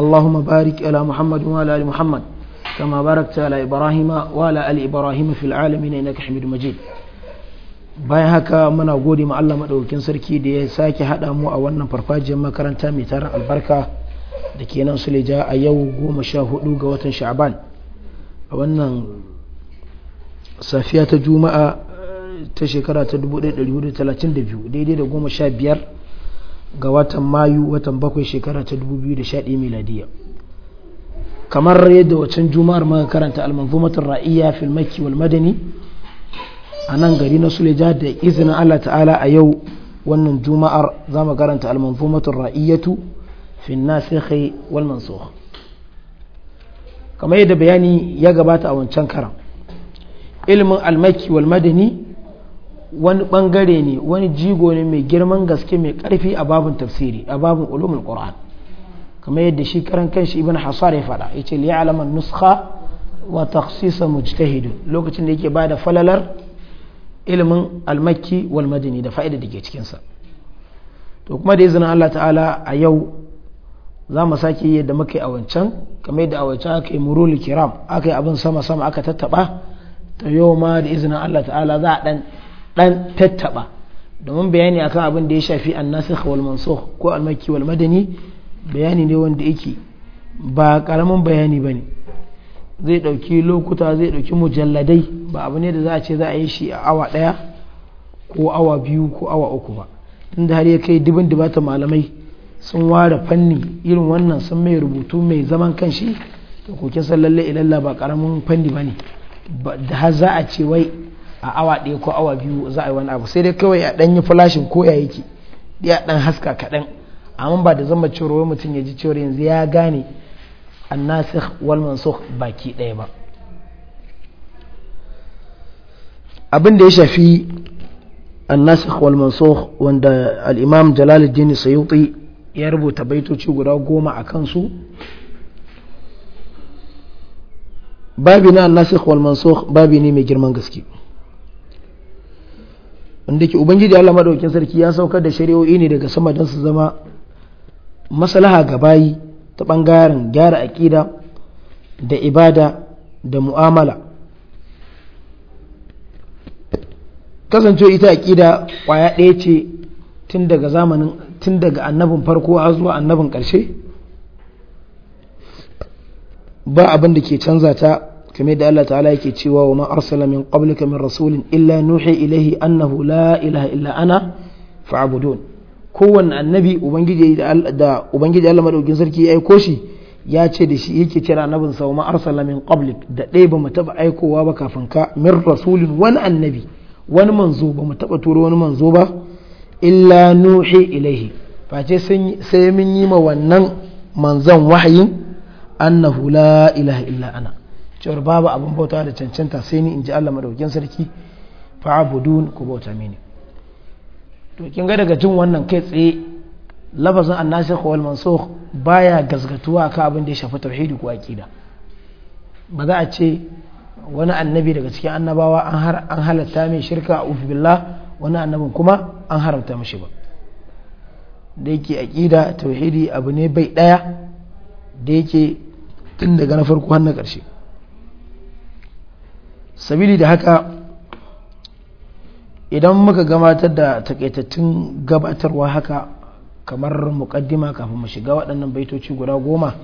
اللهم بارك على محمد وعلى آل محمد كما باركت على إبراهيم وعلى آل إبراهيم في العالمين إنك حميد مجيد bayan haka muna gode ma Allah madaukakin sarki da ya sake haɗa mu a wannan farfajiyar makaranta mai tarin albarka da ke nan Suleja a yau goma sha hudu ga watan Sha'aban a wannan safiya ta Juma'a ta shekara ta 1432 daidai da goma sha biyar ga watan mayu watan bakwai shekara ta 2011 miladiya kamar yadda wacan juma'ar muka karanta almanzumatar ra'iya fil makki wal madani a nan gari na suleja da izinin Allah ta'ala a yau wannan juma'ar za mu karanta almanzumatar ra'iyyatu fil nasikhi wal mansukh kamar yadda bayani ya gabata a wancan karan ilimin almakki wal madani wani bangare ne wani jigo ne mai girman gaske mai karfi a babin tafsiri a babin ulumul qur'an kamar yadda shi karan kanshi ibn hasar ya faɗa yace li ya'lamu nuskha wa takhsisa mujtahid lokacin da yake bada falalar ilimin al-makki wal madani da fa'ida da ke cikin sa to kuma da izinin Allah ta'ala a yau za mu sake yadda muka yi a wancan kamar yadda a wancan aka yi murul kiram aka yi abin sama sama aka tattaba ta yau ma da izinin Allah ta'ala za a dan ɗan tattaɓa domin bayani akan abin da ya shafi annasikh wal mansukh ko almakki wal madani bayani ne wanda yake ba karamin bayani ba zai ɗauki lokuta zai ɗauki mujalladai ba abu ne da za a ce za a yi shi a awa ɗaya ko awa biyu ko awa uku ba tunda har ya kai dubin dubata malamai sun ware fanni irin wannan sun mai rubutu mai zaman kanshi da koke sallalle ilalla ba karamin fanni bane da har za a ce wai a awa ɗaya ko awa biyu za a yi wani abu sai dai kawai a ɗan yi flashin ko ya yake ya ɗan haska kaɗan amma ba da zama cewa mutum ya ji cewa yanzu ya gane annasikh wal mansukh baki ɗaya ba abin da ya shafi annasikh wal mansukh wanda al-imam jalaluddin sayuti ya rubuta baitoci guda goma a kansu babi na annasikh wal mansukh babi ne mai girman gaske wanda ke ubangiji Allah madaukakin sarki ya saukar da shari'o'i ne daga sama don su zama maslaha ga bayi ta bangaren gyara aƙida da ibada da mu'amala kasancewa ita aƙida kwaya ɗaya ce tun daga zamanin tun daga annabin farko har zuwa annabin ƙarshe ba abin da ke canza ta kamar da Allah ta'ala yake cewa wa ma arsala min qablika min rasulin illa nuhi ilaihi annahu la ilaha illa ana fa'budun kowanne annabi ubangiji da ubangiji Allah madaukin sarki ya aiko shi ya ce da shi yake kira annabin sa wa ma arsala min qablik da ɗaya ba mu taba aikowa ba kafin ka min rasulin wani annabi wani manzo ba mu taba turo wani manzo ba illa nuhi ilaihi face sai mun yi ma wannan manzon wahayin annahu la ilaha illa ana cewar babu abin bauta da cancanta sai ni in ji Allah madaukin sarki fa'abudun ku bauta mini to kin ga daga jin wannan kai tsaye lafazin annasir ko mansukh baya gasgatuwa akan abin da ya shafi tauhidi ko aqida ba za a ce wani annabi daga cikin annabawa an halatta mai shirka a ufi billah wani annabin kuma an haramta mishi ba da yake aƙida tauhidi abu ne bai ɗaya da yake tun daga na farko har na ƙarshe sabili da haka idan muka gabatar da takaitattun gabatarwa haka kamar muƙaddima kafin mu shiga waɗannan baitoci guda goma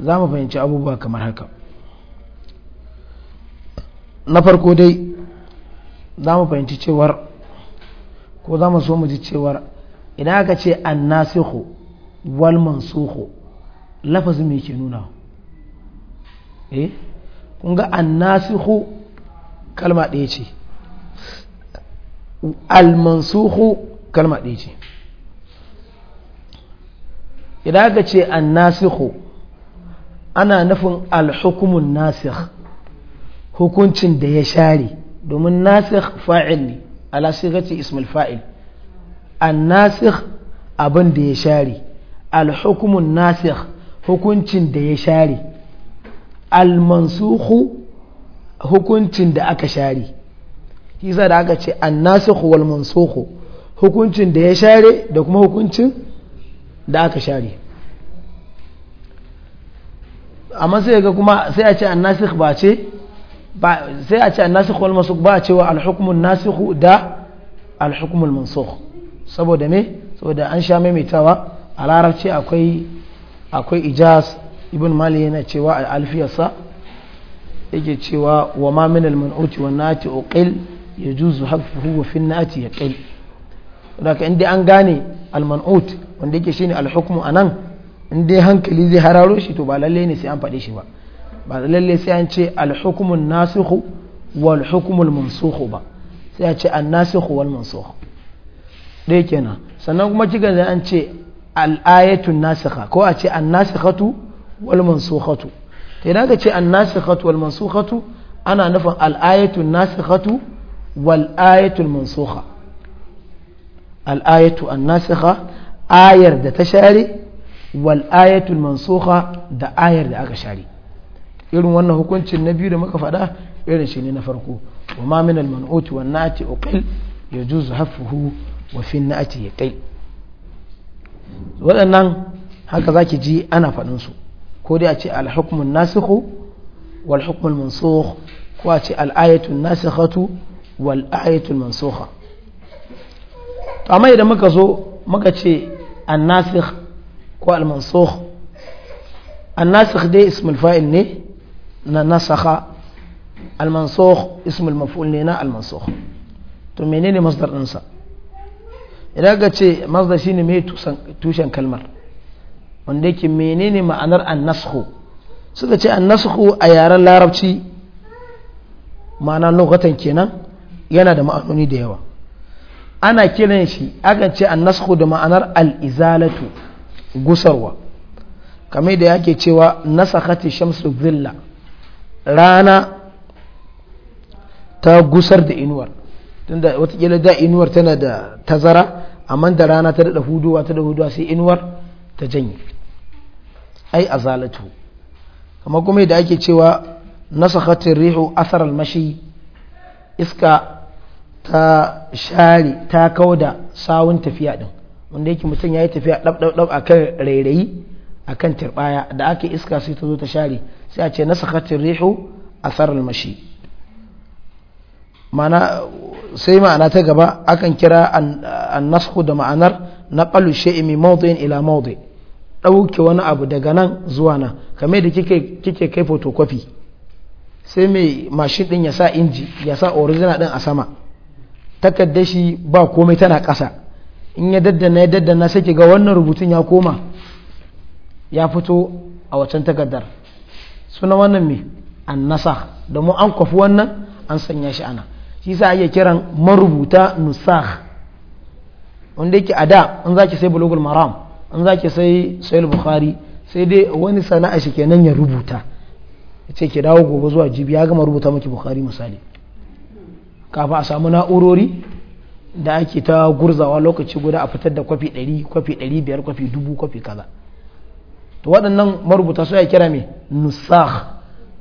za mu fahimci abubuwa kamar haka na farko dai za mu fahimci cewar ko za mu so mu ji cewar idan aka ce nasiho wal mansuhu lafazin mai ke nuna eh kun ga annasihu kalma ɗaya ce almansuhu kalma ɗaya ce idan aka ce annasihu ana nufin alhukumun nasih hukuncin da ya share domin nasih fa'il ne ala sigati ismul fa'il annasir abin da ya share alhukumun nasih hukuncin da ya share almansuhu hukuncin da aka share hisa da aka ce annasuhu wal mansuhu hukuncin da ya share da kuma hukuncin da aka share amma sai ga kuma sai a ce annasikh ba ce sai a ce annasikh wal mansukh ba cewa alhukmun nasikhu da alhukmul mansukh saboda me saboda an sha maimaitawa a larabci akwai akwai ijaz ibn mali yana cewa a alfiyarsa yake cewa wa ma min al-man'uti wa nati uqil yajuzu hafuhu wa fi nati yaqil daga inda an gane al-man'ut wanda yake shine al-hukmu anan inda hankali zai hararo shi to ba lalle ne sai an fade shi ba ba lalle sai an ce al-hukmu nasikhu wal hukmu al-mansukhu ba sai a ce an-nasikhu wal mansukh dai kenan sannan kuma kiga an ce al-ayatu nasikha ko a ce an-nasikhatu wal mansukhatu to idan ka ce an nasikhatu wal mansukhatu ana nufin al ayatu nasikhatu wal ayatu al mansukha al ayatu an nasikha ayar da ta share wal ayatul mansukha da ayar da aka share irin wannan hukuncin na biyu da muka faɗa irin shi ne na farko wa ma min al man'ut wa na'ati uqil yajuzu hafuhu wa fi na'ati yaqil waɗannan haka zaki ji ana faɗin su ko dai a ce alhukmun nasikhu wal hukmul mansukh ko a ce al'ayatul nasikhatu wal mansukha to amma idan muka zo muka ce annasikh ko al annasikh dai ismul fa'il ne na nasakha al mansukh ismul maf'ul ne na al to menene masdar ɗinsa idan ka ce masdar shine mai tushen kalmar wanda yake menene ma'anar annashu suka ce annashu a yaren larabci ma'ana lokatan kenan yana da ma'anoni da yawa ana kiran shi akan ce annashu da ma'anar Al-izalatu gusarwa kamar da yake cewa nasakati shamsu zilla rana ta gusar da inuwar tunda watakila da inuwar tana da tazara amma da rana ta da huduwa ta da huduwa sai inuwar ta janye ai azalatu kama kuma da ake cewa nasakhatir rihu athar al-mashi iska ta share ta kauda sawun tafiya din wanda yake mutum yayi tafiya dab dab dab akan rairayi akan tirbaya da ake iska sai ta zo ta share sai a ce nasakhatir rihu athar mashi sai ma'ana ta gaba akan kira an nasku da ma'anar naqalu shay'i min mawdi'in ila mawdi' ɗauke wani abu daga nan zuwa nan kamar da kike kai photocopy sai mai mashin ɗin ya sa inji ya sa original ɗin a sama takardar shi ba komai tana ƙasa in ya daddana ya daddana sai ki ga wannan rubutun ya koma ya fito a wacan takardar suna wannan mai annasa domin an kwafi wannan an sanya shi ana shi sa ake kiran marubuta nusakh wanda yake a da in za ki sai bulugul maram an za ki sai sayil bukhari sai dai wani sana'a shi kenan ya rubuta ya ce ki dawo gobe zuwa jibi ya gama rubuta maki bukhari misali kafa a samu na'urori da ake ta gurzawa lokaci guda a fitar da kwafi 100 kwafi 500 kwafi 1000 kwafi kaza to waɗannan marubuta su ya kira me nusakh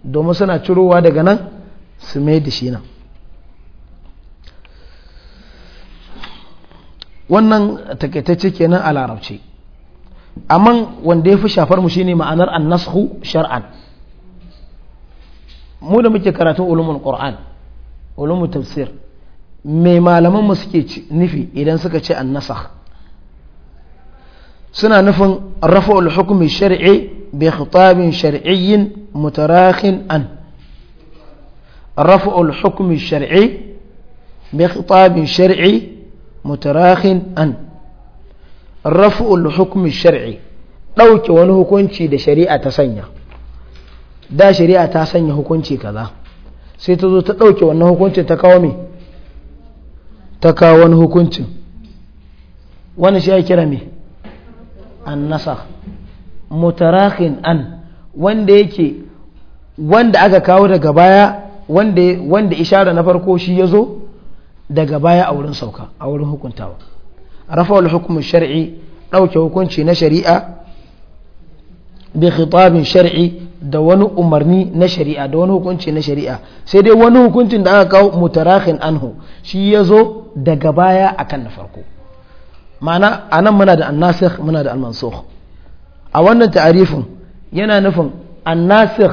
domin suna cirowa daga nan su mai da shi nan wannan takaitacce kenan a larabci amma wanda ya fi shafar mu shine ma'anar annashu shar'an mu da muke karatun ulumul qur'an ulumul tafsir mai malaman mu suke nufi idan suka ce annasakh suna nufin rafa'ul hukmi shar'i bi khitabin shar'iyyin mutarakhin an hukmi shar'i bi khitabin shar'i mutarakhin an raf'ul hukmi shar'i ɗauke wani hukunci da shari'a ta sanya da shari'a ta sanya hukunci kaza sai ta zo ta ɗauke wannan hukuncin ta kawo me ta kawo wani hukuncin wani shi ya kira me an nasa mutarakin an wanda yake wanda aka kawo daga baya wanda ishara na farko shi ya zo daga baya a wurin sauka a wurin hukuntawa rafa wal hukumu shar'i ɗauke hukunci na shari'a shar'i da wani umarni na shari'a da wani hukunci na shari'a sai dai wani hukuncin da aka kawo mutarakin anhu shi ya zo daga baya akan na farko ma'ana a muna da annasikh a wannan ta'arifin yana nufin annasikh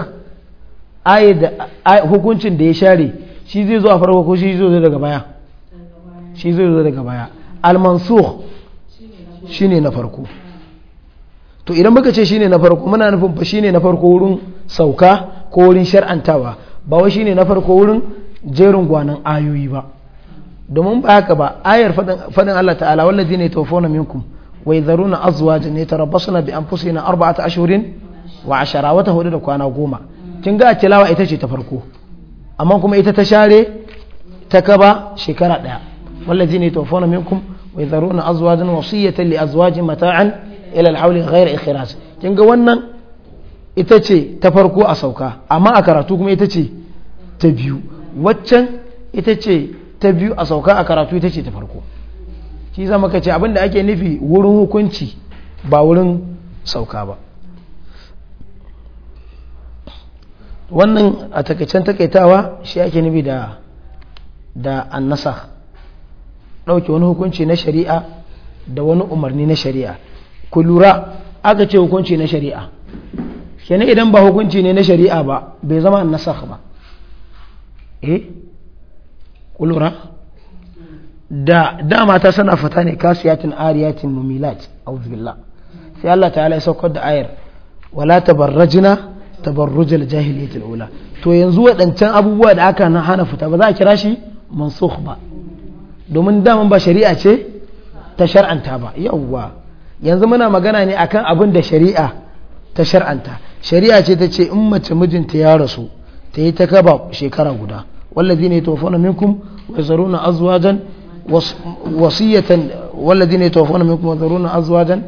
hukuncin da ya share shi zai zo a farko ko shi zai zo daga baya al-mansukh shine na farko to idan muka ce shine na farko muna nufin fa shine na farko wurin sauka ko wurin shar'antawa ba wai shine na farko wurin jerin gwanan ayoyi ba domin ba haka ba ayar fadin Allah ta'ala wallazina yatawaffawna minkum wa yadharuna azwajan yatarabbasna bi anfusihina arba'ata ashhurin wa ashara wata hudu da kwana goma kin ga tilawa ita ce ta farko amma kuma ita ta share ta kaba shekara ɗaya. والذين يتوفون منكم ويذرون أزواجا وصية لأزواج متاعا إلى الحول غير إخراج كنغا wannan ita ce ta farko a sauka amma a karatu kuma ita ce ta biyu waccan ita ce ta biyu a sauka a karatu ita ce ta farko shi zama ce abinda ake nufi wurin hukunci ba wurin sauka ba wannan a takaicen takaitawa shi ake nufi da da annasakh ɗauke wani hukunci na shari'a da wani umarni na shari'a ku lura aka ce hukunci na shari'a kenan idan ba hukunci ne na shari'a ba bai zama nasakh ba eh ku lura da dama ta sana fita ne kasiyatin ariyatin mumilat a'udhu billah sai Allah ta'ala ya saukar da ayar wala tabarrajna tabarrujal jahiliyatil ula to yanzu waɗancan abubuwa da aka hana fita ba za a kira shi mansukh ba domin daman ba shari'a ce ta shar'anta ba yawwa yanzu muna magana ne akan abin da shari'a ta shar'anta shari'a ce ta ce in mace mijinta ya rasu ta yi ta kaba shekara guda wallazi ne tofana minkum wa zaruna azwajan wasiyatan wallazi ne tofana minkum wa zaruna azwajan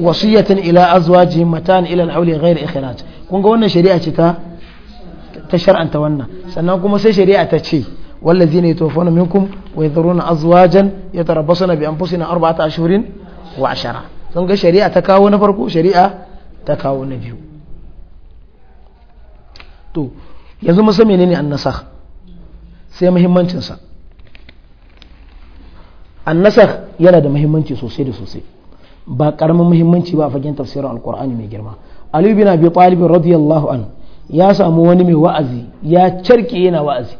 wasiyatan ila azwaji matan ila al-hawli ghayr ikhraj kun ga wannan shari'a ce ta ta shar'anta wannan sannan kuma sai shari'a ta ce والذين يتوفون منكم ويذرون أزواجا يتربصن بأنفسنا أربعة أشهر وعشرة سنقى شريعة تكاو نفرق شريعة تكاو نبيو تو yanzu mun san menene annasakh sai muhimmancin sa annasakh yana da muhimmanci sosai da sosai ba karamin muhimmanci ba a fagen tafsirin alqur'ani mai girma ali bin abi talib an ya samu wani mai wa'azi ya carke yana wa'azi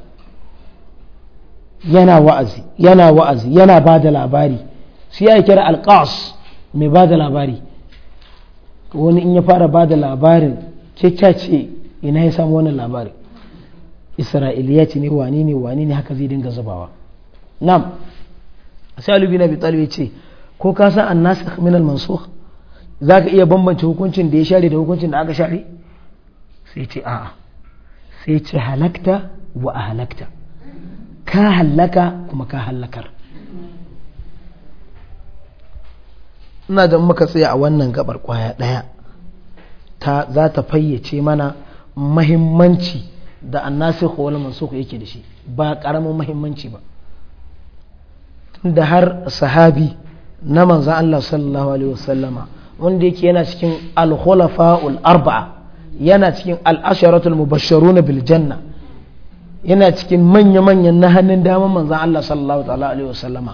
yana wa'azi yana wa'azi yana ba da labari sai ya kira alƙas mai ba da labari wani in ya fara ba da labarin ce ina ya samu wannan labari isra'iliya ce ne wani ne wani ne haka zai dinga zubawa nam sai alubi na bitalib ya ce ko ka san annas min al-mansukh zaka iya bambance hukuncin da ya share da hukuncin da aka share sai ce a'a sai ce halakta wa ahlakta ka hallaka kuma ka hallakar ina da muka tsaya a wannan gabar kwaya ɗaya ta za ta fayyace mana mahimmanci da annasi wal mansukh yake da shi ba ƙaramin mahimmanci ba da har sahabi na manzan Allah sallallahu alaihi wasallama wanda yake yana cikin al-khulafa'ul arba'a yana cikin al-asharatul mubashsharuna bil janna yana cikin manya-manyan na hannun damar manzan Allah sallallahu ta'ala alaihi wasallama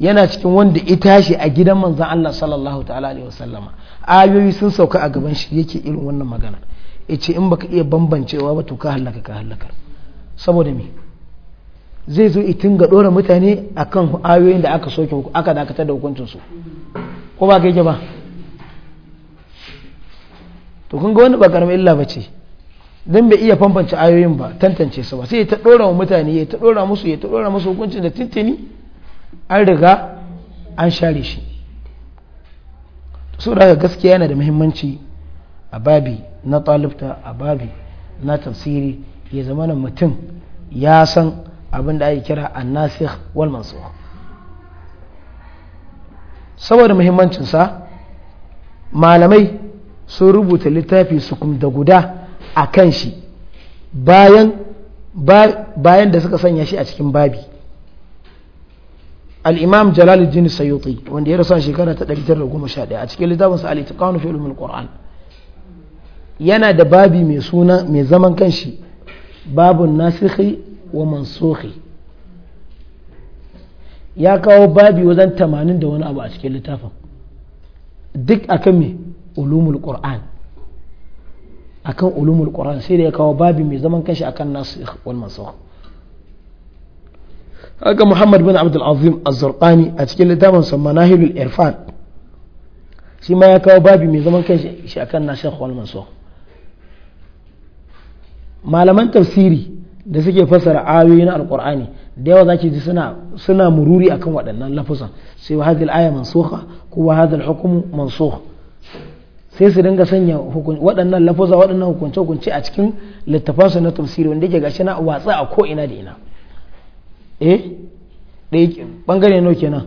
yana cikin wanda ya tashi a gidan manzan Allah sallallahu ta'ala alaihi wasallama ayoyi sun sauka a gaban shi yake irin wannan magana ce in baka iya bambancewa ba to ka halaka ka halakar saboda me zai zo itin ga dora mutane akan ayoyin da aka soke aka dakatar da hukuncin su ko ba kai ba to kun ga wani ba karamin illa bace dan bai iya bambance ayoyin ba tantance su ba sai ta dora wa mutane ya ta dora musu ya ta dora musu hukuncin da tintini an riga an share shi so daga gaskiya yana da muhimmanci a babi na talibta a babi na tafsiri ya zama na mutum ya san abin da ake kira annasikh wal mansukh saboda muhimmancinsa malamai sun rubuta littafi su kum da guda a kan shi bayan da suka sanya shi a cikin babi al'imam jalaluddin sayuti wanda ya rasu shekara ta 1911 a cikin littafinsa al'itikanu fi ƙoran yana da babi mai suna mai zaman kanshi babun nasihi wa mansuhi ya kawo babi wajen tamanin da wani abu a cikin littafin duk akan mai ulumul qur'an akan ulumul qur'an sai da ya kawo babi mai zaman kashi akan nasikh wal mansukh haka muhammad bin abdul azim az-zurqani a cikin littafin sa manahilul irfan shi ma ya kawo babi mai zaman kashi shi akan nasikh wal mansukh malaman tafsiri da suke fassara ayoyi na alqur'ani da yawa zaki ji suna suna mururi akan waɗannan lafuzan sai wa hadhihi al-aya mansukha ko wa hadha al-hukmu mansukh sai su dinga sanya waɗannan lafaza waɗannan hukunce hukunce a cikin littafansu na tafsiri wanda yake gashi na watsa a ko ina da ina eh ɗaya bangare nawa kenan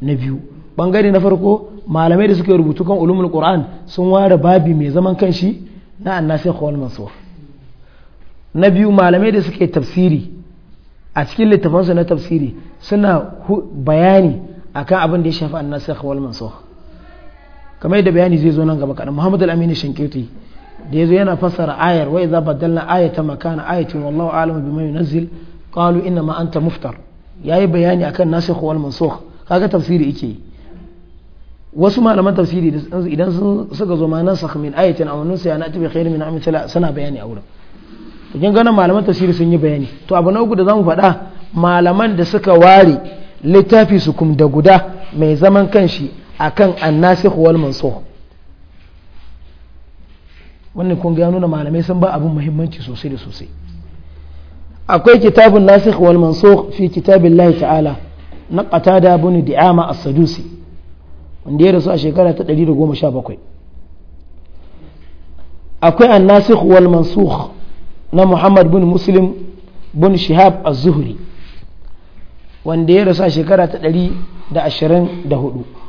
na biyu bangare na farko malamai da suke rubutu kan ulumul qur'an sun ware babi mai zaman kanshi na annasikh wal mansukh na biyu malamai da suke tafsiri a cikin littafansu na tafsiri suna bayani akan abin da ya shafi annasikh wal mansukh kamar yadda bayani zai zo nan gaba kaɗan muhammad al-amin shinkirti da yazo yana fassara ayar wa idza badalna ayatan makana ayatin wallahu alam bima yunzil qalu inna ma anta muftar yayi bayani akan nasikh wal mansukh kaga tafsiri yake wasu malaman tafsiri idan suka zo ma nasakh min ayatin aw nusiya na tabi khair min amthila sana bayani a wurin to kin ganin malaman tafsiri sun yi bayani to abu na uku da zamu faɗa malaman da suka ware littafi su kum da guda mai zaman kanshi akan annasikh wal mansukh wannan kun ga nuna malamai sun ba abin muhimmanci sosai da sosai akwai kitabun nasikh wal mansukh fi kitabillahi ta'ala na qatada ibn di'ama as-sadusi wanda ya rasu a shekara ta 117 akwai annasikh wal mansukh na Muhammad bin Muslim bin Shihab az-Zuhri wanda ya rasu a shekara ta 124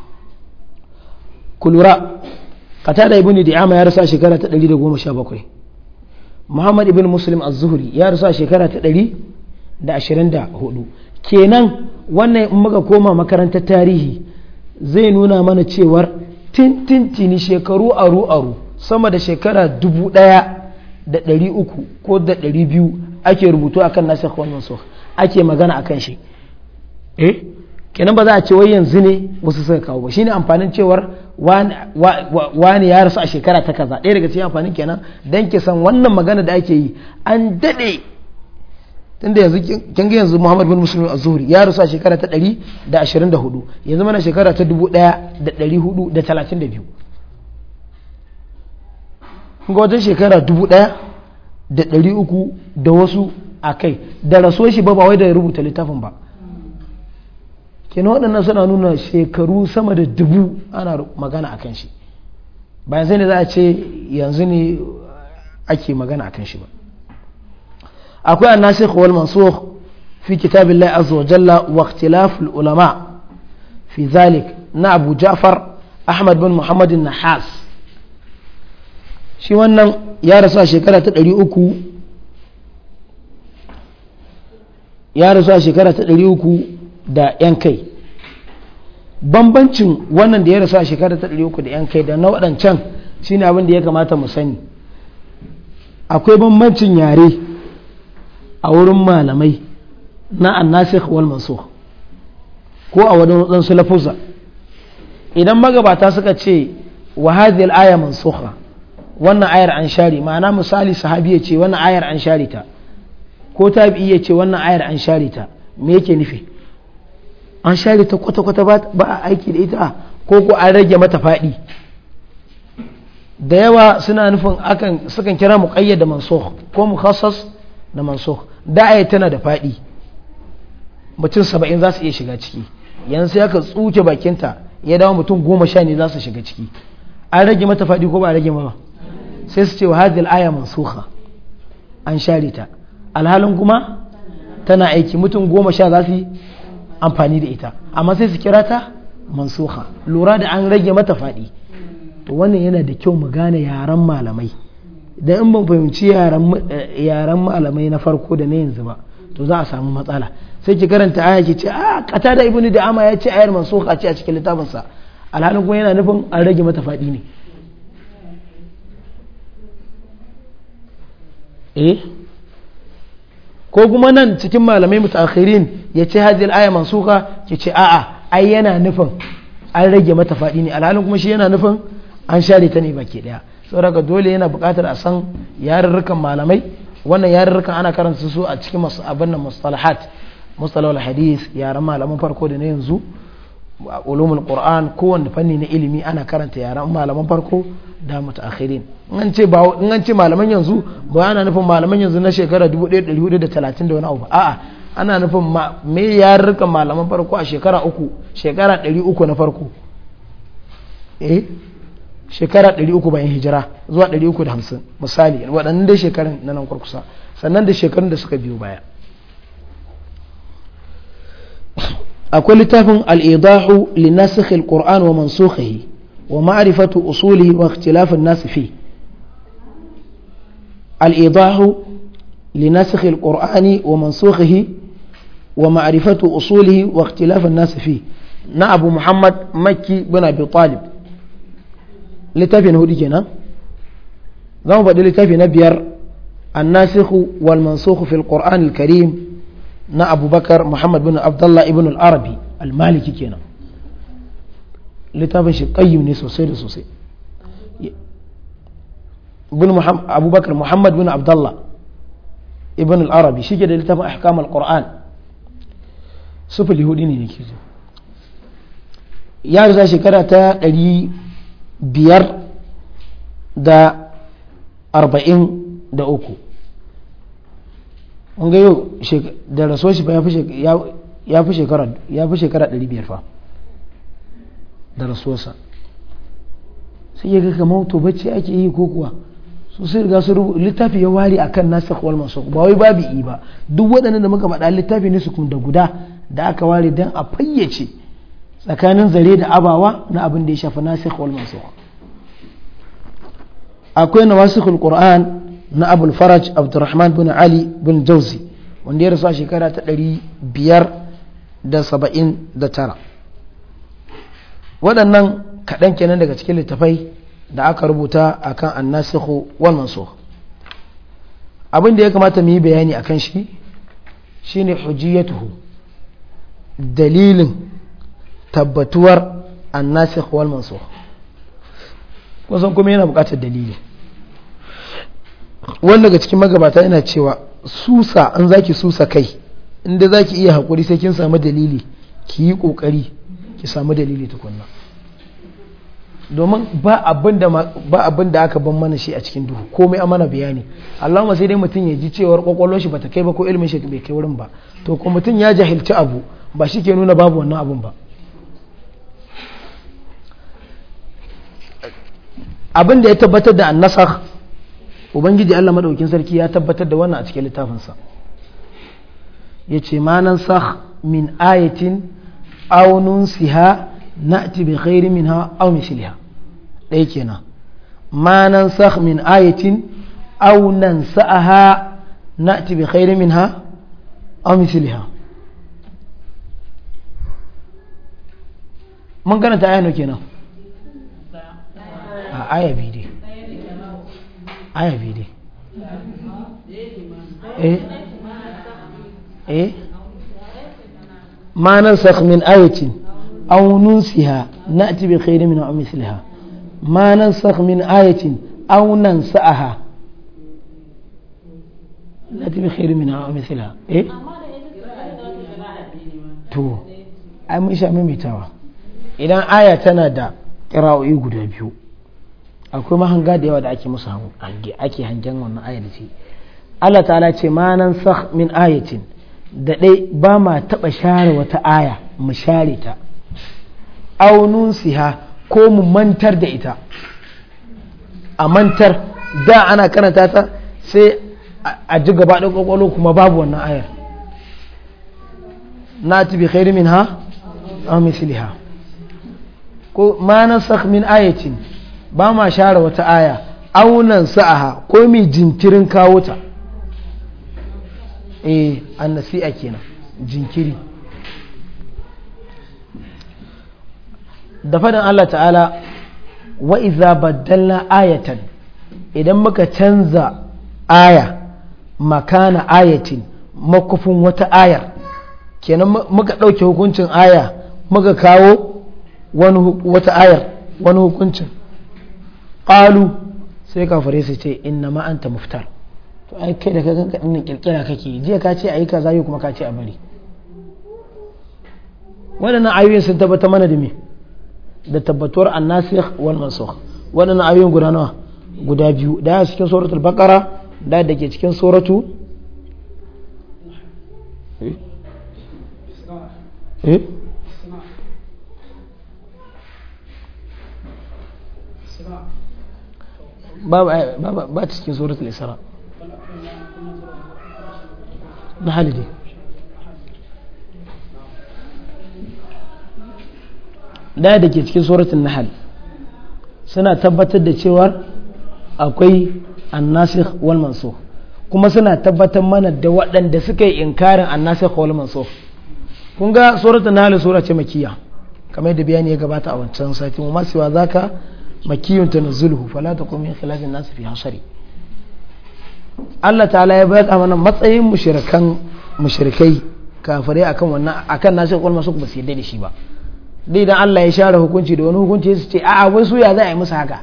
kulura kata da ibn di'ama ya rasa shekara ta 117 muhammad ibn muslim az-zuhri ya rasa shekara ta 124 kenan wannan in muka koma makarantar tarihi zai nuna mana cewar tintintini shekaru aru aru sama da shekara dubu ɗaya da ɗari uku ko da ɗari biyu ake rubutu akan nasakh wannan so ake magana akan shi eh kenan ba za a ce wai yanzu ne wasu suka kawo ba shine amfanin cewar wani ya rasu a shekara ta kaza ɗaya daga cikin amfanin kenan dan ke san wannan magana da ake yi an daɗe tunda yanzu kin ga yanzu Muhammad bin Muslim az-Zuhri ya rasu a shekara ta 124 yanzu mana shekara ta 1432 kun ga wajen shekara ɗaya da uku da wasu a kai da rasuwar shi ba ba wai da rubuta littafin ba kenan waɗannan suna nuna shekaru sama da dubu ana magana a kan shi bayan sai ne za a ce yanzu ne ake magana a kan shi ba akwai annasikh wal mansukh fi kitabillahi azza wa wa ikhtilaful ulama fi zalik na abu ja'far ahmad bin muhammad nahas shi wannan ya rasu a shekara ta ɗari uku ya rasu a shekara ta ɗari uku da 'yan kai bambancin wannan da ya rasa a shekarar ta uku da 'yan kai da na waɗancan shine abin da ya kamata mu sani akwai bambancin yare a wurin malamai na annasikh wal mansukh ko a wani wadansu sulafuza idan magabata suka ce wa hadhihi al aya mansukha wannan ayar an share ma'ana misali sahabi ya ce wannan ayar an share ta ko tabi'i ya ce wannan ayar an share ta me yake nufi an share ta kwata-kwata ba a aiki da ita ko ko an rage mata faɗi da yawa suna nufin akan sukan kira muƙayyad da mansuh ko mu mukhassas da mansuh da aya tana da faɗi mutum saba'in za su iya shiga ciki yanzu sai aka tsuke bakinta ya dawo mutum goma sha ne za su shiga ciki an rage mata faɗi ko ba a rage mata sai su ce wa hadhihi aya mansuha an share ta alhalin kuma tana aiki mutum goma sha za su amfani da ita amma sai su kira ta mansuha lura da an rage mata faɗi to wannan yana da kyau mu gane yaren malamai da in ban fahimci eh, yaren malamai na farko da na yanzu ba to za a samu matsala sai ki karanta aya ki ce a ah, kata da ibnu da ama ya ce ayar mansuha ce a cikin littafinsa alhalin kuma yana nufin an rage mata faɗi ne eh ko kuma nan cikin malamai mutakhirin ya ce hadhihi al-aya mansuka ki ce a'a ai yana nufin an rage mata faɗi ne alhalin kuma shi yana nufin an share ta ne baki daya saboda dole yana buƙatar a san yarurrukan malamai wannan yarurrukan ana karanta su a cikin masu abin nan mustalahat mustalahul hadith yaran malaman farko da na yanzu ulumul qur'an kowanne fanni na ilimi ana karanta yaran malaman farko da mutaakhirin in an ce ba in an ce malaman yanzu ba ana nufin malaman yanzu na shekara 1430 da wani abu a'a ana nufin me yarurrukan malaman farko a shekara uku shekara 300 na farko eh shekara 300 bayan hijira zuwa 350 misali waɗannan dai shekarun na nan kurkusa sannan da shekarun da suka biyo baya akwai littafin al'idahu linasakh al-qur'an wa mansukhihi wa ma'rifatu usulihi wa ikhtilaf an al'idahu wa wa usulihi wa na abu muhammad makki bin abi talib littafin hudu kenan zamu faɗi littafi na biyar an-nasikh wal quran al-karim na abubakar muhammad bin abdullah ibn al-arabi al-maliki kenan littafin shi qayyim ne sosai da sosai bin abubakar muhammad bin abdullah ibn al-arabi shi ke da littafin ahkam al-qur'an sufuli hudu ne nake zo ya rusa shekara ta ɗari biyar da arba'in da uku an ga yau da rasuwar shi ya fi shekara ya fi shekara 500 fa da sa sai ya ga kamar to bacci ake yi ko kuwa su sai ga su littafi ya wari akan nasa kwal masu ba wai babu yi ba duk waɗannan da muka faɗa littafi ne su kun da guda da aka ware don a fayyace tsakanin zare da abawa na abin da ya shafa nasa kwal masu akwai na wasu qur'an na abul faraj abdurrahman bin ali bin jauzi wanda ya rasu a shekara ta ɗari biyar da saba'in da tara waɗannan kaɗan kenan daga cikin littafai da aka rubuta a kan annasihu wal mansukh abin da ya kamata mu yi bayani a kan shi shine hujiyatuhu dalilin tabbatuwar annasihu wal mansukh kusan kuma yana buƙatar dalili wanda daga cikin magabata yana cewa susa an zaki susa kai inda zaki iya haƙuri sai kin samu dalili ki yi ƙoƙari ki samu dalili tukunna domin ba abin da aka ban mana shi a cikin duhu komai a mana bayani allahumma sai dai mutum ya ji cewar kwakwalwar shi bata kai ba ko ilimin shi bai kai wurin ba to ko mutum ya jahilci abu ba shi ke nuna babu wannan abun ba abin da ya tabbatar da annasar ubangiji Allah maɗaukin sarki ya tabbatar da wannan a cikin littafinsa yace ma nan sah min ayatin aw nunsiha na'ti bi min ha aw misliha ɗaya kenan ma nan sah min ayatin aw nansaha na'ti bi min ha aw misliha mun karanta aya kenan a aya bidiyo aya biyu dai eh eh ma nansakh min ayatin aw nunsiha na'ti bi khairin min amithliha ma nansakh min ayatin aw nansaha na'ti bi khairin min amithliha eh to ai mun sha mimitawa idan aya tana da qira'o'i guda biyu akwai mahanga da yawa da ake musu hange ake hangen wannan ayar ce Allah ta'ala ce ma nan sa min ayatin da dai ba ma taba share wata aya mu share ta aunun siha ko mu mantar da ita a mantar da ana karanta ta sai a ji gaba da kwakwalo kuma babu wannan ayar na bi khairu min ha misliha ko ma nan sa min ayatin ba ma share wata aya aunan sa'aha ko mai jinkirin kawo ta eh nasi'a kenan jinkiri da faɗin Allah ta'ala wa iza baddalna ayatan idan muka canza aya makana ayatin makufin wata ayar kenan muka ɗauke hukuncin aya muka kawo wata ayar wani hukuncin qalu sai kafare su ce inna ma anta muftar to ai kai da kaga kadin kirkira kake jiya ka ce ayi kaza yau kuma ka ce a bari waɗannan ayoyin sun tabbata mana da me da tabbatuwar annasikh wal mansukh waɗannan ayoyin guda nawa guda biyu da cikin suratul baqara da da ke cikin suratu eh, eh? ba cikin suratul isra na halidi da da ke cikin suratul nahl suna tabbatar da cewar akwai annasikh wal kuma suna tabbatar mana da waɗanda suka yi inkarin annasikh wal mansukh kun ga suratul nahl sura ce makiyya kamar da bayani ya gabata a wancan sati mu ma zaka na tanzuluhu fala taqum min khilafin nasu fi hasari Allah ta'ala ya bayar mana matsayin mushrikan mushrikai kafirai akan wannan akan nasu kulma su ba su yadda da shi ba dai idan Allah ya share hukunci da wani hukunci su ce a'a wai su ya za a yi musu haka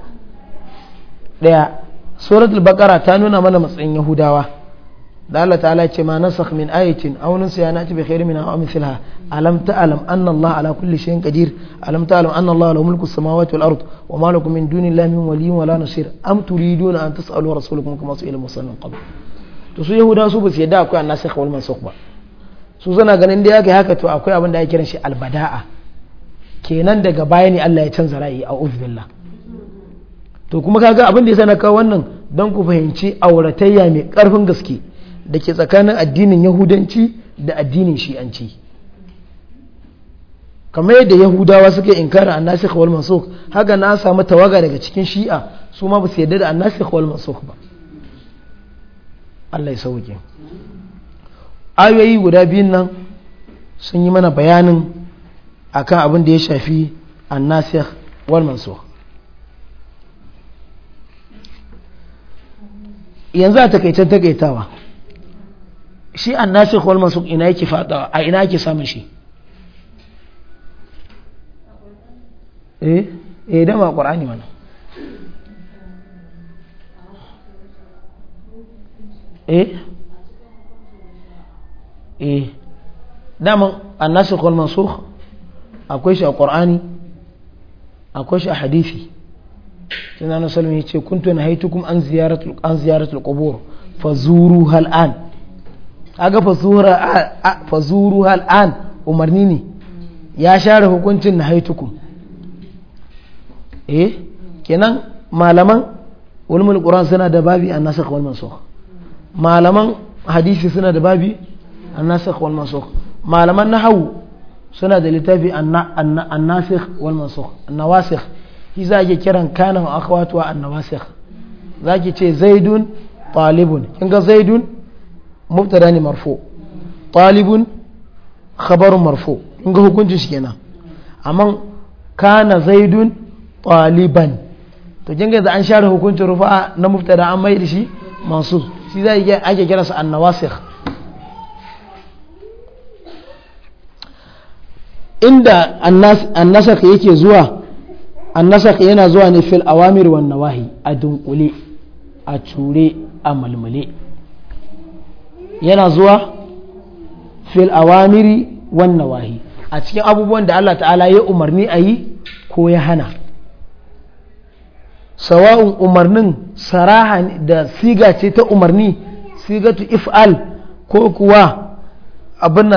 daya suratul baqara ta nuna mana matsayin yahudawa da Allah ta'ala ce ma nasakh min ayatin aw ya na'ti bi khairin min aw mithlaha alam ta'lam anna Allah ala kulli shay'in qadir alam ta'lam anna Allah lahu mulku samawati wal ard wa ma lakum min dunillahi min waliyyin wala la nasir am turiduna an tas'alu rasulakum kama su'ila musa min qabl to su yahuda su ba su yadda akwai annasakh wal mansukh ba su zana ganin da yake haka to akwai abin da ake kiran shi albada'a kenan daga baya ne Allah ya canza ra'ayi a uzbillah to kuma kaga abin da yasa na kawo wannan don ku fahimci auratayya mai karfin gaske da ke tsakanin addinin yahudanci da addinin shi'anci kamar yadda yahudawa suke inkara annasikh wal mansukh haka na samu tawaga daga cikin shi'a su ma ba su yarda da annasikh wal mansukh ba Allah ya ayoyi guda biyun nan sun yi mana bayanin akan abin da ya shafi annasikh wal mansukh yanzu a takaitan takaitawa shi annasikh wal mansukh ina yake fada a ina yake samun shi eh eh qur'ani mana eh eh annasikh wal mansukh akwai shi a qur'ani akwai shi a hadisi tunanin salmi ya ce kuntu haitukum an ziyaratul qubur fa zuru hal'an kaga fazuru an umarni ne ya share hukuncin na haituku eh kenan malaman ulumul qur'an suna da babi an nasakh wal mansukh malaman hadisi suna da babi an nasakh wal mansukh malaman nahwu suna da littafi an nasikh wal mansukh an nawasikh shi za kiran kanan akhwatu an nawasikh zaki ce zaidun talibun kin ga zaidun mubtada ne marfu talibun khabarun marfu in ga hukuncin shi kenan amma kana zaidun taliban to kin ga an share hukuncin rufa'a na mubtada an mai da shi mansub shi za ake kira su annawasikh inda annasakh yake zuwa annasakh yana zuwa ne fil awamir wan nawahi a dunkule a ture a malmale yana zuwa fil awamiri wannan wahi a cikin abubuwan da Allah ta'ala ya umarni a yi ko ya hana sawa'un umarnin saraha da siga ce ta umarni sigatu if'al ko kuwa abin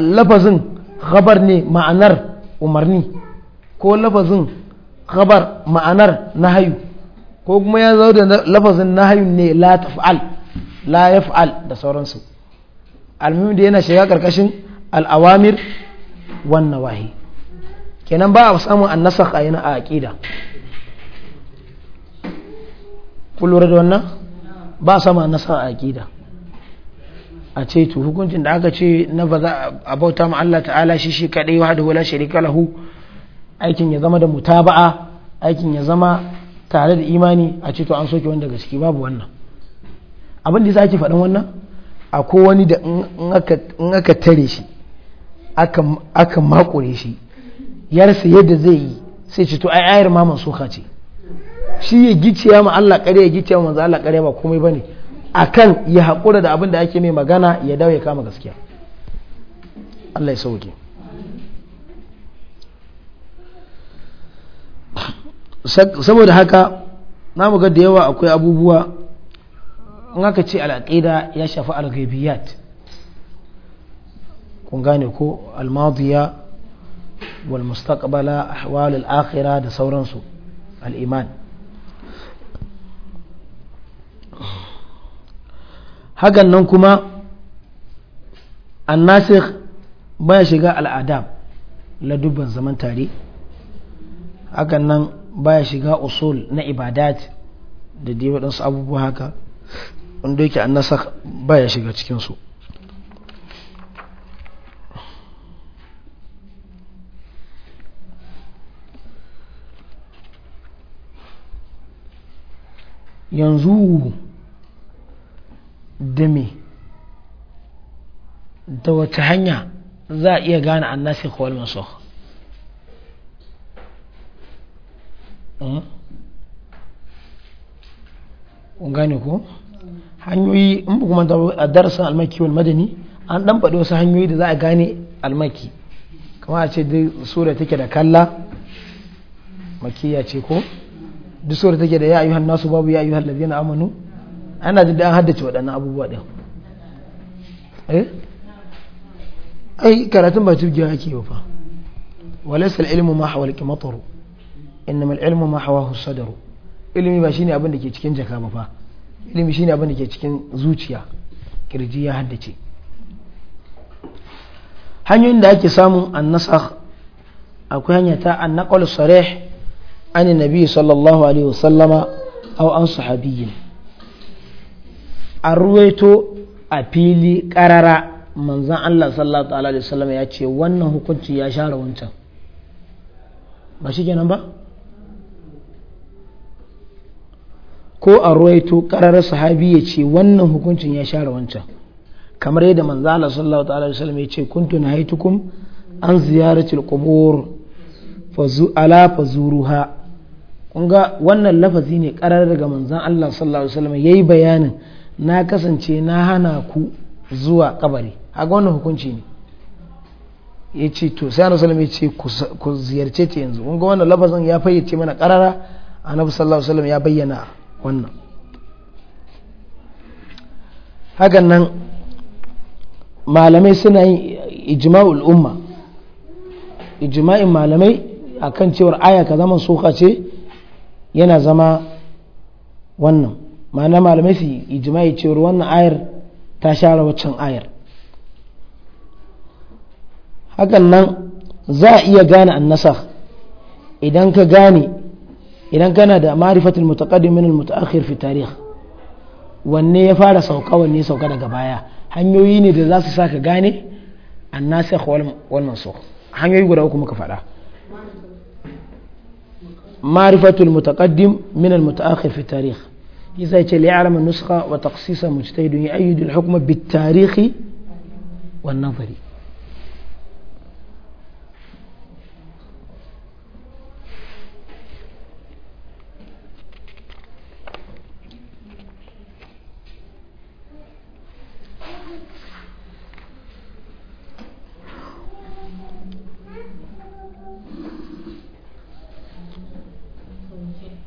lafazin khabar ne ma'anar umarni ko lafazin khabar ma'anar nahayu ko kuma ya zaune da lafazin nahayu ne la taf'al la yaf'al da sauransu almuhim da yana shiga karkashin al'awamir wannan wahi kenan ba a samun annasakh a yana a aƙida. kun da wannan ba a samun a aƙida a ce tu hukuncin da aka ce na ba za a bauta ma Allah ta'ala shi shi kadai da wula sharika lahu aikin ya zama da mutaba'a aikin ya zama tare da imani a ce to an soke wanda gaske babu wannan abin da ya faɗin wannan akwai wani da in aka tare shi aka makure shi yarsa yadda zai yi sai ce to ai ayar maman soka ce shi ya giciya ma Allah ƙarya ya giciya ma Allah ƙarya ba komai a kan ya haƙura da abin da ake mai magana ya dawo ya kama gaskiya Allah ya sauke saboda haka na ga da yawa akwai abubuwa in aka ce al'aqida ya shafi al-ghaibiyat kun gane ko al-madiya wal mustaqbala ahwal al-akhirah da sauransu al-iman hakan nan kuma annasikh baya shiga la dubban zaman tare hakan nan baya shiga usul na ibadat da dai waɗansu abubuwa haka wanda yake an nasa baya shiga su yanzu da me da wata hanya za a iya gane an nasa kowal masu hmm? gane ko? hanyoyi in ba kuma a darasin almaki wal madani an dan faɗi wasu hanyoyi da za a gane almaki kamar a ce duk sura take da kalla makiya ce ko duk sura take da ya ayyuhan nasu babu ya ayyuhan ladina amanu ana da an haddace waɗannan abubuwa ɗin eh ai karatun ba turgiya ake yi fa walaysa al-ilmu ma hawal qimataru innamal ilmu ma hawahu sadaru ilimi ba shine abin da ke cikin jaka ba fa ilimi shine abin da ke cikin zuciya kirji ya haddace hanyoyin da ake samun annasakh akwai hanya ta annaqal sarih an nabi sallallahu alaihi wasallama aw an sahabiyyin an ruwaito a fili karara manzan Allah sallallahu alaihi ya ce wannan hukunci ya share wancan ba shi kenan ba ko a ruwaito ƙararar sahabi ya ce wannan hukuncin ya share wancan kamar yadda manzala sallallahu ta'ala wa sallam ya ce kuntu nahaytukum an ziyaratil qubur fazu ala fazuruha kun ga wannan lafazi ne ƙarar daga manzan Allah sallallahu alaihi wasallam yayi bayanin na kasance na hana ku zuwa kabari haka wannan hukunci ne ya ce to sai annabi sallallahu alaihi wasallam ya ce ku ziyarce ta yanzu kun ga wannan lafazin ya fayyace mana ƙarara annabi sallallahu alaihi wasallam ya bayyana wannan hakan nan malamai suna yin ijma'ul umma ijma'in malamai akan cewar aya ka zama soka ce yana zama wannan ma'ana malamai su ijma'i cewar wannan ayar ta share waccan ayar hakan nan za a iya gane annasa idan ka gane idan kana da ma'rifatul mutaqaddim min mutaakhir fi tarikh wanne ya fara sauka wanne ya sauka daga baya hanyoyi ne da za su saka gane annasikh wal mansukh hanyoyi guda uku muka faɗa ma'rifatul mutaqaddim min al-mutaakhir fi tarikh yasa yace li ya'lam an-nuskha wa taqsisa mujtahidun yu'ayyidu al-hukma bit-tarikh wan-nazari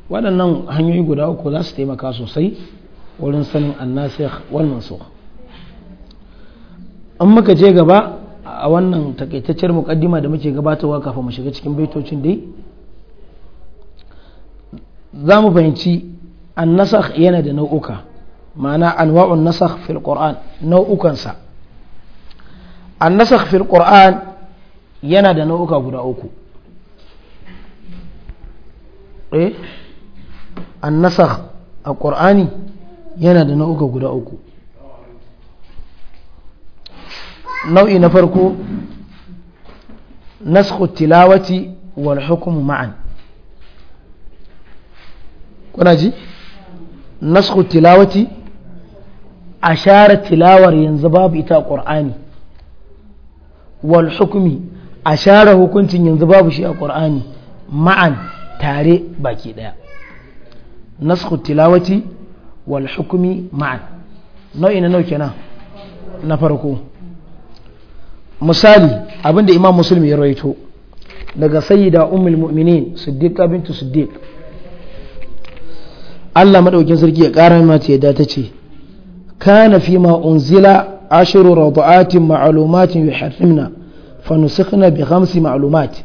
waɗannan hanyoyi guda uku za su taimaka sosai wurin sanin annasir wannan so an muka je gaba a wannan takaitaccen mukaddima da muke gabatarwa kafin mu shiga cikin baitocin dai za mu fahimci annasar yana da nau'uka ma'ana anwa'un nasar fil qur'an nau'ukansa annasar fil qur'an yana da nau'uka guda uku eh? annasar a ƙur'ani yana da nau'uka guda uku nau'i na farko nasku tilawati wal hukumu ma'an kuna ji naskhu tilawati a share tilawar yanzu babu ita a ƙur'ani wal hukumi a share hukuncin yanzu babu shi a ƙur'ani ma'an tare baki ɗaya naskhu tilawati wal hukmi ma'an nau'i na nauke na na farko misali abinda imam muslim ya raito daga sayyida ummul mu'minin siddiqa bintu siddiq Allah madaukin sarki ya ƙara mata yadda ta ce kana fi ma unzila ashiru radu'atin ma'lumatin yuharrimna fa nusikhna bi khamsi ma'lumat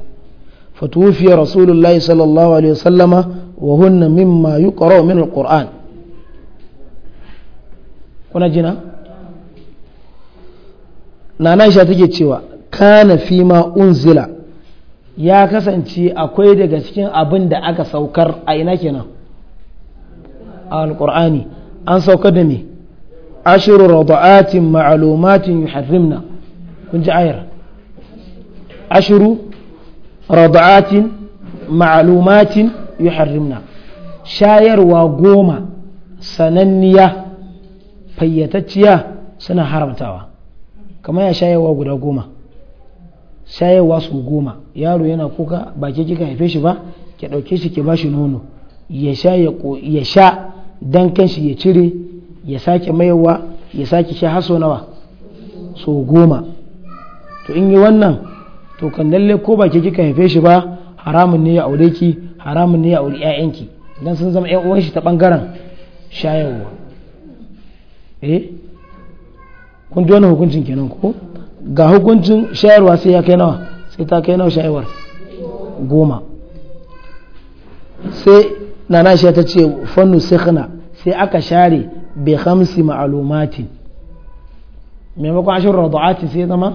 fa tuwfiya rasulullahi sallallahu alaihi wasallama وهن مما يقرأ من القرآن kuna jina na naisha take cewa kana fi unzila ya kasance akwai daga cikin abin da aka saukar a ina kenan a an saukar da me ashiru rada'atin ma'alumatin yuharrimna kun ji ayar yuharrimna shayarwa goma sananniya fayyatacciya suna haramtawa kamar ya shayarwa guda goma shayarwa su goma yaro yana kuka ba ke kika haife shi ba ke ɗauke shi ke ba nono ya sha ya sha dan kanshi ya cire ya sake mayarwa ya sake sha haso nawa so goma to in yi wannan to kan lalle ko ba ke kika haife shi ba haramun ne ya aure haramun ne a wuri 'ya'yanki idan sun zama 'yan uwan shi ta bangaren shayarwa eh kun ji hukuncin kenan ko ga hukuncin shayarwa sai ya kai nawa sai ta kai nawa shayarwar goma sai nana shi ta ce fannu sikhna sai aka share bi khamsi ma'lumatin maimakon ashirin radu'ati sai zama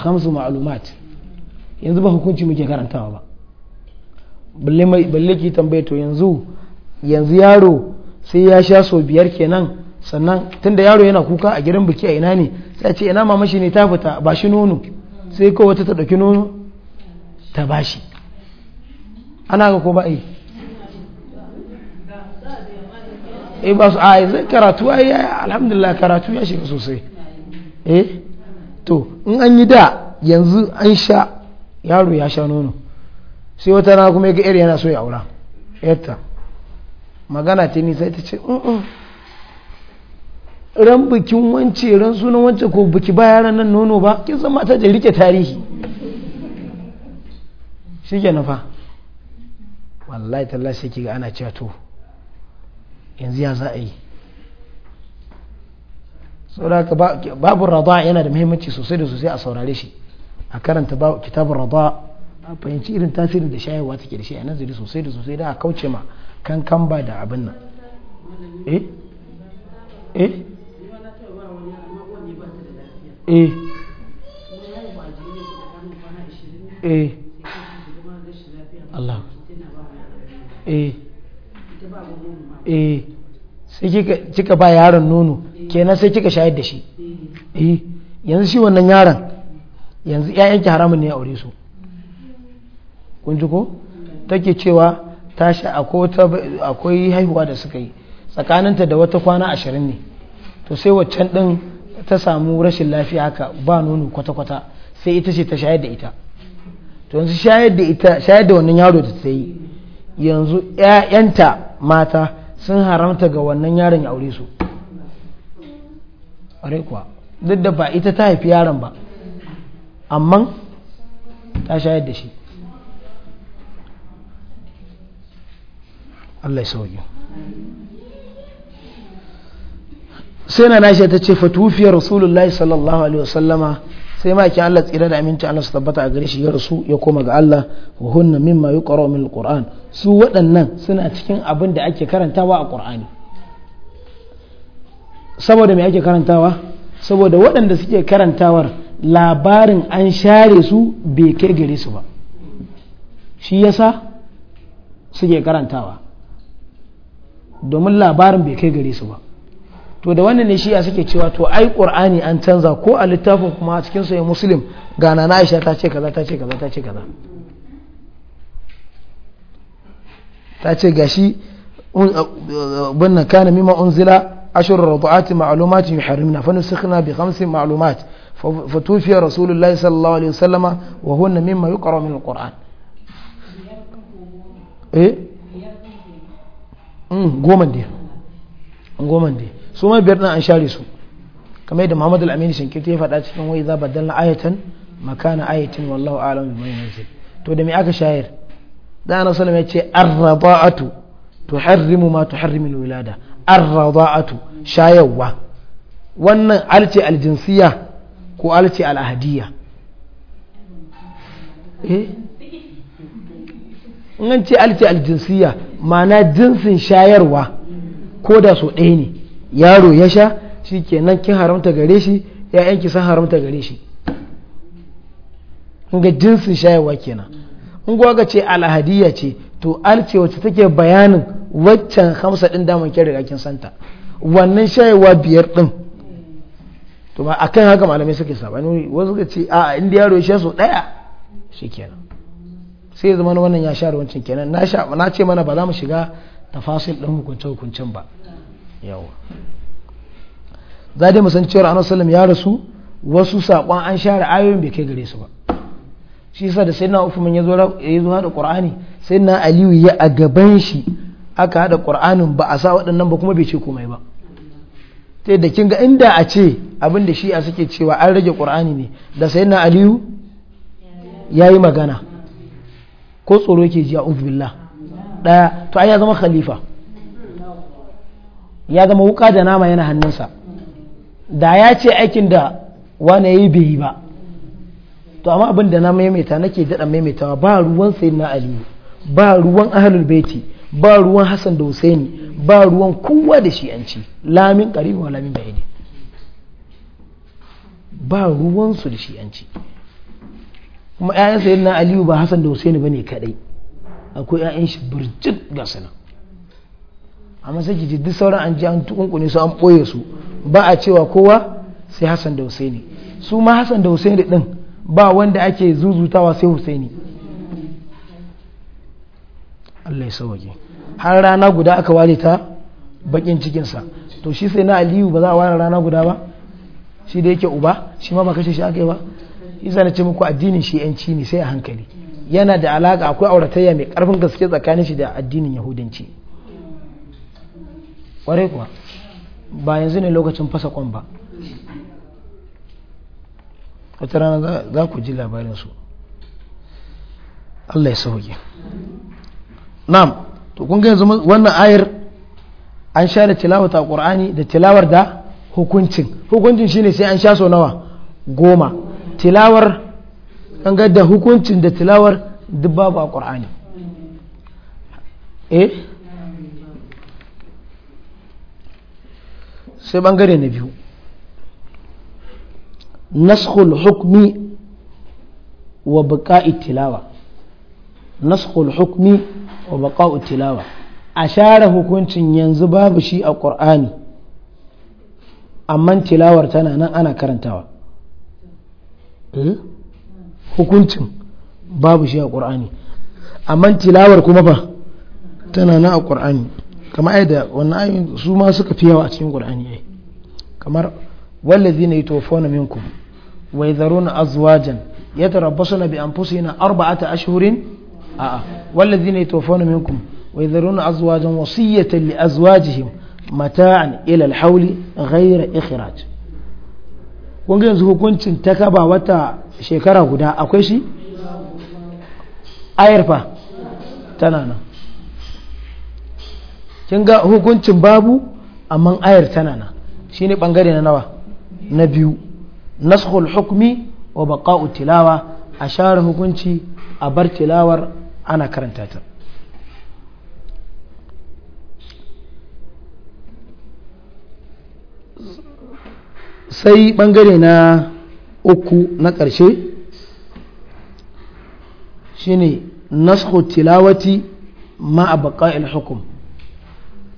khamsu ma'lumat yanzu ba hukunci muke karantawa ba balle ki tambaye to yanzu yanzu yaro sai ya sha sau biyar kenan sannan tunda yaro yana kuka a gidan biki a ina ne sai a ce ina mama shi ne ta fita ba shi nono sai ko wata ta ɗauki nono ta ba shi ana ga ko ba yi eh ba su ai zai karatu ai alhamdulillah karatu ya shiga sosai eh to in an yi da yanzu an sha yaro ya sha nono sai wata na kuma ya ga yana so ya aura yadda magana ta nisa ita ce ran bikin wance ran sunan wance ko biki ba yaran nan nono ba kin san mata da rike tarihi shi ke nufa wallahi talla shi ki ga ana cewa to yanzu ya za a yi saboda babu rada yana da muhimmanci sosai da sosai a saurare shi a karanta kitabun rada a fahimci irin tasirin da shayarwa take da shi a nazari sosai da sosai da a kauce ma kan ba da abin nan eh eh eh eh Allah eh eh sai kika ba yaron nono kenan sai kika shayar da shi eh yanzu shi wannan yaron yanzu 'ya'yanki haramun ne a aure su kun ji ko take cewa tashi akwai haihuwa da suka yi tsakaninta da wata kwana ashirin ne to sai waccan din ta samu rashin lafiya haka ba nono kwata-kwata sai ita ce ta shayar da ita to yanzu shayar da ita shayar da wannan yaro da ta yi yanzu 'ya'yanta mata sun haramta ga wannan yaron ya aure su kuwa duk da ba ita ta haifi yaron ba amma ta shayar da shi Allah ya sauki sai na nashi ta ce fatufiyar rasulullahi sallallahu alaihi wasallama sai ma Allah tsira da aminci Allah su tabbata a gare shi ya rasu ya koma ga Allah wa hunna mimma yuqra min alquran su waɗannan suna cikin abin da ake karantawa a qur'ani saboda me ake karantawa saboda waɗanda suke karantawar labarin an share su bai kai gare su ba shi yasa suke karantawa domin labarin bai kai gare su ba to da wannan ne shi ya suke cewa to ai qur'ani an canza ko a littafin kuma a cikin sai muslim gana na aisha ta ce kaza ta ce kaza ta ce kaza ta ce gashi bunna kana mimma unzila ashur rubu'ati ma'lumatin yuharrimna fa nusikhna bi khamsi ma'lumat fa tufiya rasulullahi sallallahu alaihi wasallama wa hunna mimma yuqra min alquran eh Mm, goma ne su ma biyar na an share su kamar yadda Muhammad al-Amin Shinkiti ya faɗa cikin wai za na ayatan makana ayatin wallahu a'lam mai yanzu to da me aka shayar da ana sallallahu alaihi ya ce ar-rada'atu tuharrimu ma tuharrimu al-wilada ar-rada'atu shayarwa wannan alce aljinsiya ko alce al'ahadiyya ahadiyya eh in an ce alce aljinsiya ma'ana jinsin shayarwa ko da so ɗaya ne yaro ya sha shi kenan kin haramta gare shi ‘ya'yanki san haramta gare shi ga jinsin shayarwa kenan in ga ce alhadiya ce to alcewa wacce take bayanin waccan hamsa ɗin daman kyar da santa wannan shayarwa biyar ɗin to ba kan haka malamai suke sabani wasu ga ce a inda yaro ya sha so ɗaya shikenan sai zama wannan ya share wancan kenan na ce mana ba za mu shiga tafasil ɗin hukunce hukuncen ba yawa za dai mu cewar ya rasu wasu saƙon an share ayoyin bai kai gare su ba shi yasa da sayyidina Uthman ya zo ya zo ƙur'ani Qur'ani Aliyu ya a gaban shi aka haɗa ƙuranin ba a sa waɗannan ba kuma bai ce komai ba sai da kin ga inda a ce abin da a suke cewa an rage ƙur'ani ne da na Aliyu ya yi magana ko tsoro yake ji a billah ɗaya to ai ya zama khalifa ya zama wuka da nama yana hannunsa da ya ce aikin da wane yi bai yi ba to amma abin da na maimaita nake daɗa maimaitawa ba ruwan sayyidina aliyu ba ruwan ahalul baiti ba ruwan hassan da husaini ba ruwan kowa da shi'anci lamin ƙarfi wa lamin bayani ba ruwansu da shi'anci kuma ƴaƴan na aliyu ba Hassan da husaini bane kadai akwai ƴaƴan shi burjit ga sana amma sai ji duk sauran an ji an tukunkune su an boye su ba a cewa kowa sai Hassan da husaini su ma Hassan da husaini din ba wanda ake zuzutawa sai husaini Allah ya sauke har rana guda aka ware ta bakin cikinsa to shi sai na aliyu ba za a ware rana guda ba shi da yake uba shi ma ba kashe shi aka yi ba isa na ce muku addinin shi yanci ne sai a hankali yana da alaka akwai auratayya mai karfin gaske tsakanin shi da addinin yahudanci kwarai kuwa ba yanzu ne lokacin fasa kwan ba wata rana za ku ji labarin su Allah ya sauke na'am to kun ga yanzu wannan ayar an sha da tilawar ta qur'ani da tilawar da hukuncin hukuncin shine sai an sha so nawa goma tilawar an ga da hukuncin da tilawar duk babu a ƙur'ani eh sai bangare na biyu naskhul hukmi wa baqa'i tilawa naskhul hukmi wa baqa'u tilawa a share hukuncin yanzu babu shi a ƙur'ani amma tilawar tana nan ana karantawa Eh? hukuncin babu shi a ƙur'ani amma tilawar kuma ba tana na a ƙur'ani kamar ai da wannan ayoyin su ma suka fi yawa a cikin ƙur'ani ai kamar wallazi ne yatawafawna minkum wa yadharuna azwajan yatarabbasuna bi anfusihina arba'ata ashhurin a'a wallazi ne yatawafawna minkum wa yadharuna azwajan wasiyatan li azwajihim mata'an ila al-hawli ghayra ikhraj kun yanzu hukuncin ta kaba wata shekara guda akwai shi ayar tana nan kin ga hukuncin babu amma ayar tana nan ne ɓangare na nawa na biyu nashul hukmi wa baqa'u tilawa a share hukunci a bar tilawar ana karanta ta sai bangare na uku na ƙarshe shine nasu tilawati ma a baƙa'il hukum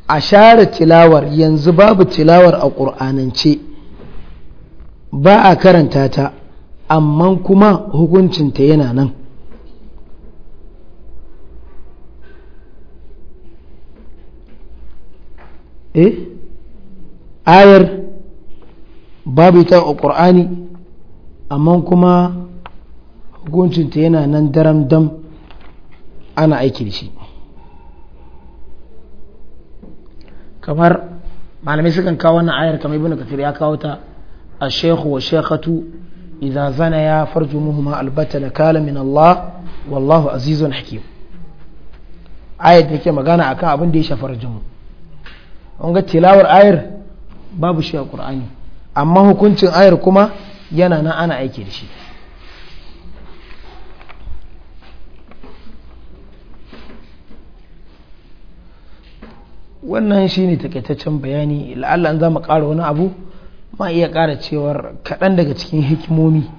a share tilawar yanzu babu tilawar a ƙur'anance ba a karanta ta amma kuma hukuncinta yana nan eh? ayar babu ita a ƙur'ani amma kuma hukuncinta yana nan daram dam ana aiki da shi kamar malamai sukan kawo wannan ayar kamar ibn kafir ya kawo ta a shekhu wa shekhatu idan zana ya farju muhuma albata na kala min Allah wallahu azizun hakim ayar da ke magana akan abin da ya shafar jimu an ga tilawar ayar babu shi a ƙur'ani amma hukuncin ayar kuma yana nan ana aiki da shi wannan shi ne takaitaccen bayani la'alla an za mu ƙara wani abu ma iya ƙara cewar kaɗan daga cikin hikimomi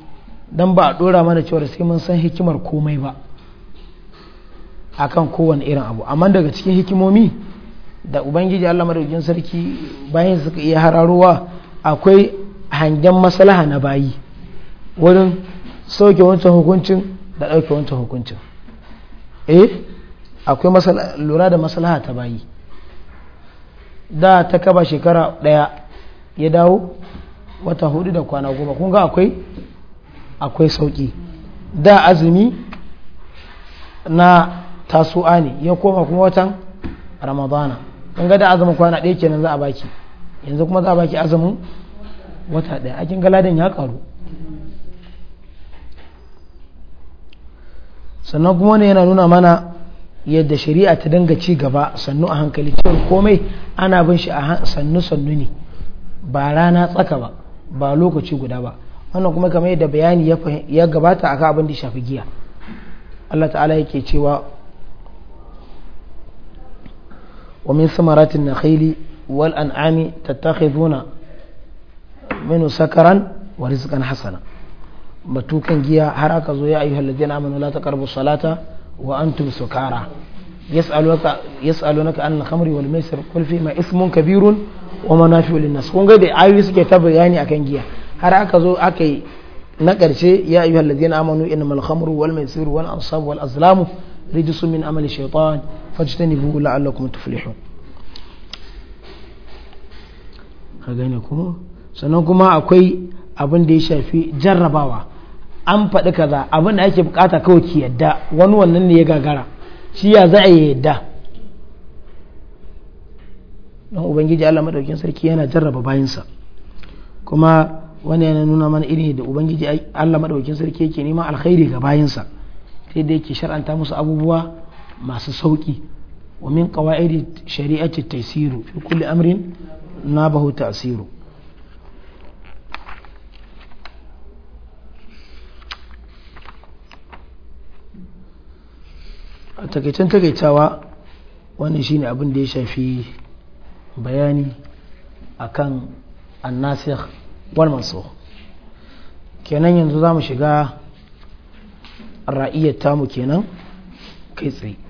don ba a ɗora mana cewar sai mun san hikimar komai ba akan kowane irin abu amma daga cikin hikimomi da ubangiji allah madaukin sarki bayan suka iya hararowa akwai hangen maslaha na bayi wurin sauke wancan hukuncin da ɗauke wancan hukuncin eh akwai lura da maslaha ta bayi da ta kaba shekara ɗaya ya dawo wata hudu da kwana goma kun ga akwai akwai sauki da azumi na tasu'ani ne ya koma kuma watan ramadana kun ga da azumin kwana ɗaya kenan za a baki yanzu kuma za a baki azumin wata ɗaya a kinga ya karu sannan kuma wani yana nuna mana yadda shari'a ta danga ci gaba sannu a hankali cewar komai ana bin shi a sannu sannu ne ba rana tsaka ba ba lokaci guda ba wannan kuma kamar yadda bayani ya gabata akan abin da shafi giya Allah ta'ala yake cewa wa min samaratin والأنعام تتخذون منه سكرا ورزقا حسنا matukan giya har aka zo ya ayyuha alladhina amanu la salata wa antum sukara yas'alunaka yas'alunaka an al-khamri wal maisir qul fi ma ismun kabirun wa manafi'u lin-nas kun ga da ayoyi suke ta bayani akan giya har aka zo aka na ƙarshe ya ayyuha amanu wal maisir wal ansab wal azlamu rijsun min amali shaytan fajtanibuhu la'allakum tuflihun ka gane ko sannan kuma akwai abin da ya shafi jarrabawa an faɗi kaza abin da ake bukata kawai ki yadda wani wannan ne ya gagara shi ya za a yadda don ubangiji allah madaukin sarki yana jarraba bayansa kuma wani yana nuna mana irin da ubangiji allah maɗaukin sarki yake neman alkhairi ga bayansa ta yadda yake shar'anta musu abubuwa masu sauki wa min qawaidi shari'ati taysiru fi kulli amrin na bahu ta'siru a takaicen takaitawa wannan shine abin da ya shafi bayani akan annasir wal mansukh kenan yanzu za mu shiga ra'iyyar tamu kenan kai tsaye